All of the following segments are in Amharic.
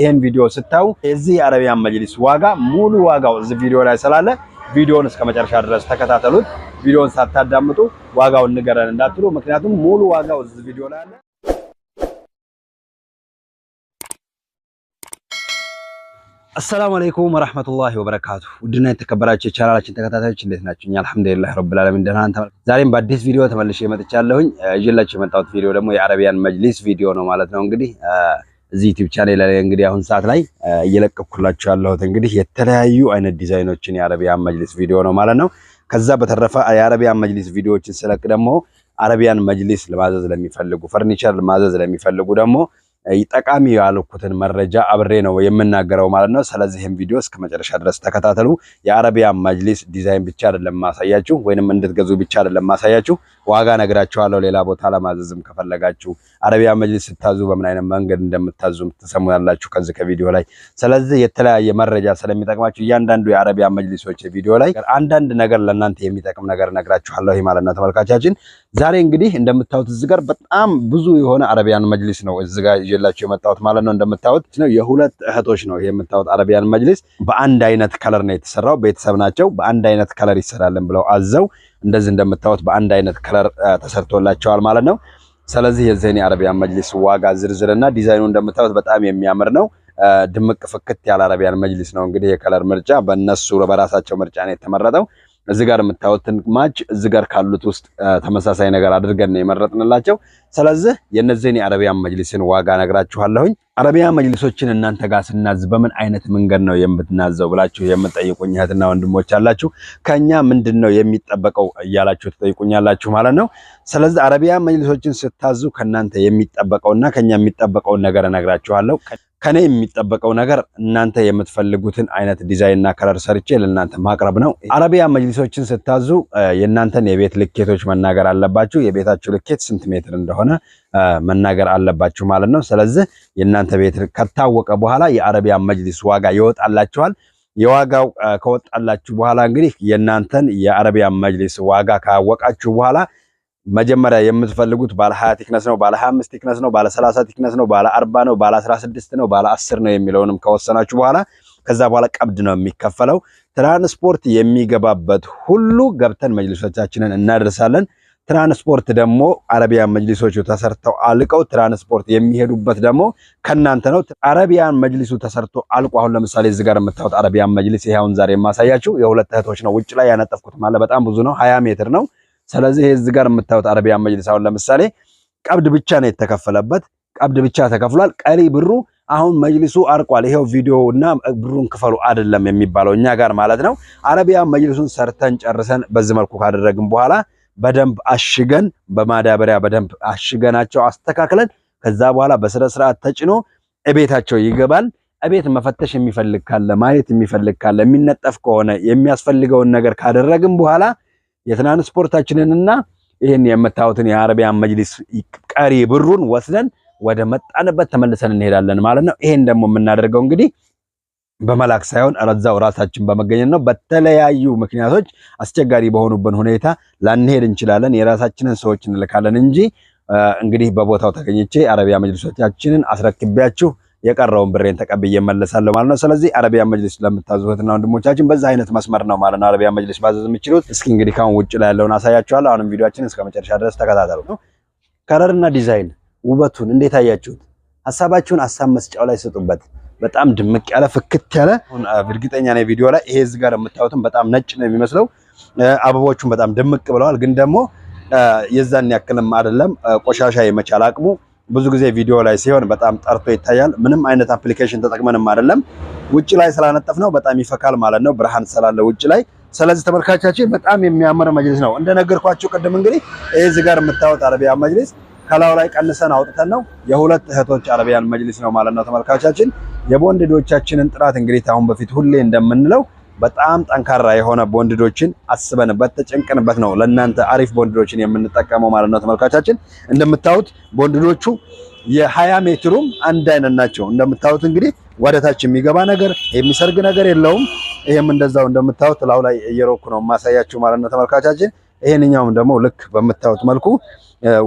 ይህን ቪዲዮ ስታዩ የዚህ የአረቢያን መጅሊስ ዋጋ ሙሉ ዋጋው እዚህ ቪዲዮ ላይ ስላለ ቪዲዮውን እስከ መጨረሻ ድረስ ተከታተሉት። ቪዲዮውን ሳታዳምጡ ዋጋውን ንገረን እንዳትሉ፣ ምክንያቱም ሙሉ ዋጋው እዚህ ቪዲዮ ላይ አለ። አሰላሙ አለይኩም ወራህመቱላሂ ወበረካቱ። ውድና የተከበራችሁ የቻናላችን ተከታታዮች እንዴት ናችሁ? እኛ አልሐምዱሊላህ ረብል ዓለሚን ደህና ነን። ዛሬም በአዲስ ቪዲዮ ተመልሼ መጥቻለሁኝ። ይዤላችሁ የመጣሁት ቪዲዮ ደግሞ የአረቢያን መጅሊስ ቪዲዮ ነው ማለት ነው። እንግዲህ እዚህ ዩቲዩብ ቻኔል ላይ እንግዲህ አሁን ሰዓት ላይ እየለቀኩላችሁ ያለሁት እንግዲህ የተለያዩ አይነት ዲዛይኖችን የአረቢያን መጅሊስ ቪዲዮ ነው ማለት ነው። ከዛ በተረፈ የአረቢያን መጅሊስ ቪዲዮዎችን ስለቅ ደግሞ አረቢያን መጅሊስ ለማዘዝ ለሚፈልጉ ፈርኒቸር ማዘዝ ለሚፈልጉ ደግሞ ጠቃሚ ያልኩትን መረጃ አብሬ ነው የምናገረው ማለት ነው። ስለዚህም ቪዲዮ እስከ መጨረሻ ድረስ ተከታተሉ። የአረቢያ መጅሊስ ዲዛይን ብቻ አይደለም ማሳያችሁ፣ ወይንም እንድትገዙ ብቻ አይደለም ማሳያችሁ፣ ዋጋ ነግራችኋለሁ። ሌላ ቦታ ለማዘዝም ከፈለጋችሁ አረቢያ መጅሊስ ስታዙ በምን አይነት መንገድ እንደምታዙም ትሰሙ ከዚህ ከቪዲዮ ላይ። ስለዚህ የተለያየ መረጃ ስለሚጠቅማችሁ እያንዳንዱ የአረቢያ መጅሊሶች ቪዲዮ ላይ አንዳንድ ነገር ለእናንተ የሚጠቅም ነገር ነግራችኋለሁ ማለት ነው። ተመልካቻችን ዛሬ እንግዲህ እንደምታዩት እዚህ ጋር በጣም ብዙ የሆነ አረቢያን መጅሊስ ነው እዚህ ጋር ይዤላቸው የመጣሁት ማለት ነው። እንደምታዩት ነው የሁለት እህቶች ነው ይሄ የምታዩት አረቢያን መጅሊስ በአንድ አይነት ከለር ነው የተሰራው። ቤተሰብ ናቸው። በአንድ አይነት ከለር ይሰራልን ብለው አዘው እንደዚህ እንደምታዩት በአንድ አይነት ከለር ተሰርቶላቸዋል ማለት ነው። ስለዚህ የዚህን የአረቢያን መጅሊስ ዋጋ ዝርዝርና ዲዛይኑ እንደምታዩት በጣም የሚያምር ነው። ድምቅ ፍክት ያለ አረቢያን መጅሊስ ነው። እንግዲህ የከለር ምርጫ በእነሱ በራሳቸው ምርጫ ነው የተመረጠው። እዚህ ጋር የምታዩትን ማች እዚህ ጋር ካሉት ውስጥ ተመሳሳይ ነገር አድርገን የመረጥንላቸው። ስለዚህ የነዚህን የአረቢያን መጅሊስን ዋጋ ነግራችኋለሁኝ። አረቢያ መጅሊሶችን እናንተ ጋር ስናዝ በምን አይነት መንገድ ነው የምትናዘው ብላችሁ የምትጠይቁኝ እህትና ወንድሞች አላችሁ። ከኛ ምንድን ነው የሚጠበቀው እያላችሁ ትጠይቁኛላችሁ ማለት ነው። ስለዚህ አረቢያ መጅሊሶችን ስታዙ ከእናንተ የሚጠበቀውና ከኛ የሚጠበቀውን ነገር እነግራችኋለሁ። ከኔ የሚጠበቀው ነገር እናንተ የምትፈልጉትን አይነት ዲዛይን እና ከለር ሰርቼ ለእናንተ ማቅረብ ነው። አረቢያ መጅሊሶችን ስታዙ የእናንተን የቤት ልኬቶች መናገር አለባችሁ። የቤታችሁ ልኬት ስንት ሜትር እንደሆነ መናገር አለባችሁ ማለት ነው። ስለዚህ የእናንተ ቤት ከታወቀ በኋላ የአረቢያ መጅሊስ ዋጋ ይወጣላችኋል። የዋጋው ከወጣላችሁ በኋላ እንግዲህ የእናንተን የአረቢያ መጅሊስ ዋጋ ካወቃችሁ በኋላ መጀመሪያ የምትፈልጉት ባለ 20 ቲክነስ ነው፣ ባለ 25 ቲክነስ ነው፣ ባለ 30 ቲክነስ ነው፣ ባለ 40 ነው፣ ባለ 16 ነው፣ ባለ 10 ነው የሚለውንም ከወሰናችሁ በኋላ ከዛ በኋላ ቀብድ ነው የሚከፈለው። ትራንስፖርት የሚገባበት ሁሉ ገብተን መጅሊሶቻችንን እናደርሳለን። ትራንስፖርት ደግሞ አረቢያን መጅሊሶቹ ተሰርተው አልቀው ትራንስፖርት የሚሄዱበት ደግሞ ከናንተ ነው። አረቢያን መጅሊሱ ተሰርቶ አልቆ አሁን ለምሳሌ እዚህ ጋር የምታዩት አረቢያን መጅሊስ ይሄ ዛሬ የማሳያችሁ የሁለት እህቶች ነው። ውጭ ላይ ያነጠፍኩት ማለት በጣም ብዙ ነው፣ ሀያ ሜትር ነው። ስለዚህ ይሄ እዚህ ጋር የምታዩት አረቢያ መጅሊስ አሁን ለምሳሌ ቀብድ ብቻ ነው የተከፈለበት። ቀብድ ብቻ ተከፍሏል። ቀሪ ብሩ አሁን መጅሊሱ አርቋል። ይሄው ቪዲዮ እና ብሩን ክፈሉ አይደለም የሚባለው እኛ ጋር ማለት ነው። አረቢያ መጅሊሱን ሰርተን ጨርሰን በዚህ መልኩ ካደረግን በኋላ በደንብ አሽገን በማዳበሪያ በደንብ አሽገናቸው አስተካክለን ከዛ በኋላ በስነ ስርዓት ተጭኖ እቤታቸው ይገባል። እቤት መፈተሽ የሚፈልግ ካለ ማየት የሚፈልግ ካለ የሚነጠፍ ከሆነ የሚያስፈልገውን ነገር ካደረግን በኋላ የትራንስፖርታችንንና ይህን የምታዩትን የአረቢያን መጅሊስ ቀሪ ብሩን ወስደን ወደ መጣንበት ተመልሰን እንሄዳለን ማለት ነው። ይሄን ደግሞ የምናደርገው እንግዲህ በመላክ ሳይሆን ረዛው ራሳችን በመገኘት ነው። በተለያዩ ምክንያቶች አስቸጋሪ በሆኑብን ሁኔታ ላንሄድ እንችላለን። የራሳችንን ሰዎች እንልካለን እንጂ እንግዲህ በቦታው ተገኝቼ አረቢያ መጅሊሶቻችንን አስረክቢያችሁ የቀረውን ብሬን ተቀብዬ እመለሳለሁ ማለት ነው። ስለዚህ አረቢያ መጅሊስ ለምታዙትና ወንድሞቻችን በዛ አይነት መስመር ነው ማለት ነው አረቢያ መጅሊስ ማዘዝ የምችሉት። እስኪ እንግዲህ ካሁን ውጭ ላይ ያለውን አሳያችኋለሁ። አሁንም ቪዲዮችን እስከ መጨረሻ ድረስ ተከታተሉ። ከለርና ዲዛይን ውበቱን እንዴት አያችሁት? ሀሳባችሁን ሀሳብ መስጫው ላይ ስጡበት። በጣም ድምቅ ያለ ፍክት ያለ እርግጠኛ ነኝ ቪዲዮ ላይ ይሄ እዚህ ጋር የምታዩትም በጣም ነጭ ነው የሚመስለው። አበቦቹም በጣም ድምቅ ብለዋል፣ ግን ደግሞ የዛን ያክልም አይደለም ቆሻሻ የመቻል አቅሙ ብዙ ጊዜ ቪዲዮ ላይ ሲሆን በጣም ጠርቶ ይታያል። ምንም አይነት አፕሊኬሽን ተጠቅመንም አይደለም። ውጭ ላይ ስላነጠፍ ነው በጣም ይፈካል ማለት ነው፣ ብርሃን ስላለ ውጭ ላይ። ስለዚህ ተመልካቻችን በጣም የሚያምር መጅሊስ ነው እንደነገርኳችሁ ቅድም። እንግዲህ እዚህ ጋር የምታዩት አረቢያ መጅሊስ ከላዩ ላይ ቀንሰን አውጥተን ነው የሁለት እህቶች አረቢያን መጅሊስ ነው ማለት ነው ተመልካቻችን። የቦንድዶቻችንን ጥራት እንግዲህ አሁን በፊት ሁሌ እንደምንለው በጣም ጠንካራ የሆነ ቦንድዶችን አስበንበት ተጨንቅንበት ነው ለእናንተ አሪፍ ቦንድዶችን የምንጠቀመው ማለት ነው። ተመልካቻችን እንደምታዩት ቦንድዶቹ የሀያ ሜትሩም አንድ አይነት ናቸው። እንደምታዩት እንግዲህ ወደታች የሚገባ ነገር የሚሰርግ ነገር የለውም። ይህም እንደዛው እንደምታዩት ላው ላይ እየሮኩ ነው ማሳያችሁ ማለት ነው ተመልካቻችን። ይሄንኛውም ደግሞ ልክ በምታዩት መልኩ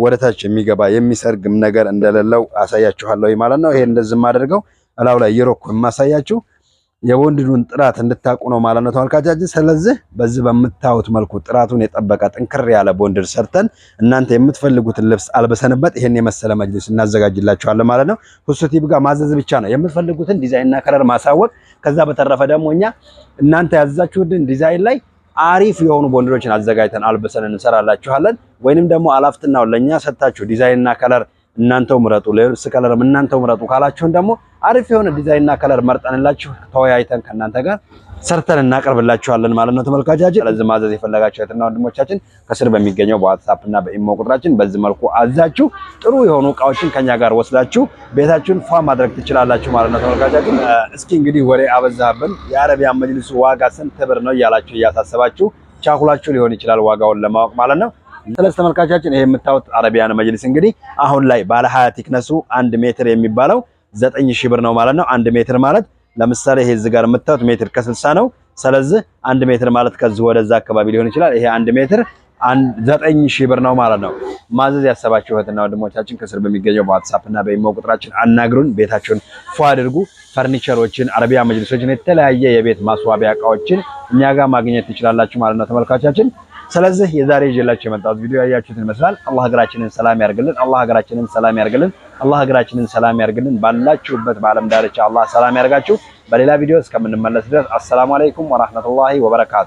ወደታች የሚገባ የሚሰርግም ነገር እንደሌለው አሳያችኋለሁ ማለት ነው። ይሄን እንደዚህ አድርገው ላው ላይ እየሮኩ የማሳያችሁ የቦንድዱን ጥራት እንድታቁ ነው ማለት ነው ተመልካቻችን። ስለዚህ በዚህ በምታዩት መልኩ ጥራቱን የጠበቀ ጥንክር ያለ ቦንድድ ሰርተን እናንተ የምትፈልጉትን ልብስ አልበሰንበት ይሄን የመሰለ መጅልስ እናዘጋጅላችኋለን ማለት ነው። ሁሱቲብ ጋር ማዘዝ ብቻ ነው የምትፈልጉትን ዲዛይንና ከለር ማሳወቅ። ከዛ በተረፈ ደግሞ እኛ እናንተ ያዘዛችሁትን ዲዛይን ላይ አሪፍ የሆኑ ቦንድዶችን አዘጋጅተን አልብሰን እንሰራላችኋለን። ወይንም ደግሞ አላፍትናው ለእኛ ሰጥታችሁ ዲዛይንና ከለር እናንተው ምረጡ፣ ሌሎች ከለርም እናንተው ምረጡ ካላችሁን ደግሞ አሪፍ የሆነ ዲዛይንና ከለር መርጠንላችሁ ተወያይተን ከእናንተ ጋር ሰርተን እናቀርብላችኋለን ማለት ነው ተመልካቻችን። ስለዚህ ማዘዝ የፈለጋችሁ እህትና ወንድሞቻችን ከስር በሚገኘው በዋትሳፕ እና በኢሞ ቁጥራችን በዚህ መልኩ አዛችሁ ጥሩ የሆኑ እቃዎችን ከኛ ጋር ወስዳችሁ ቤታችሁን ፏ ማድረግ ትችላላችሁ ማለት ነው ተመልካቻችን። እስኪ እንግዲህ ወሬ አበዛብን፣ የአረቢያን መጅልሱ ዋጋ ስንት ብር ነው እያላችሁ እያሳሰባችሁ ቻኩላችሁ ሊሆን ይችላል ዋጋውን ለማወቅ ማለት ነው። ስለዚህ ተመልካቻችን ይሄ የምታዩት አረቢያን መጅሊስ እንግዲህ አሁን ላይ ባለ 20 ቲክነሱ አንድ ሜትር የሚባለው 9000 ብር ነው ማለት ነው። አንድ ሜትር ማለት ለምሳሌ ይሄ እዚህ ጋር የምታዩት ሜትር ከ60 ነው። ስለዚህ አንድ ሜትር ማለት ከዚህ ወደዛ አካባቢ ሊሆን ይችላል። ይሄ አንድ ሜትር 9000 ብር ነው ማለት ነው። ማዘዝ ያሰባችሁ እህትና ወንድሞቻችን ከስር በሚገኘው በዋትስአፕ እና በኢሞ ቁጥራችን አናግሩን። ቤታችሁን ፏ አድርጉ። ፈርኒቸሮችን፣ አረቢያ መጅሊሶችን፣ የተለያየ የቤት ማስዋቢያ እቃዎችን እኛ ጋር ማግኘት ትችላላችሁ ማለት ነው ተመልካቻችን ስለዚህ የዛሬ ይዤላችሁ የመጣሁት ቪዲዮ ያያችሁትን ይመስላል። አላህ ሀገራችንን ሰላም ያርግልን። አላህ ሀገራችንን ሰላም ያርግልን። አላህ ሀገራችንን ሰላም ያርግልን። ባላችሁበት በአለም ዳርቻ አላህ ሰላም ያርጋችሁ። በሌላ ቪዲዮ እስከምንመለስ ድረስ አሰላሙ አለይኩም ወራህመቱላሂ ወበረካቱ።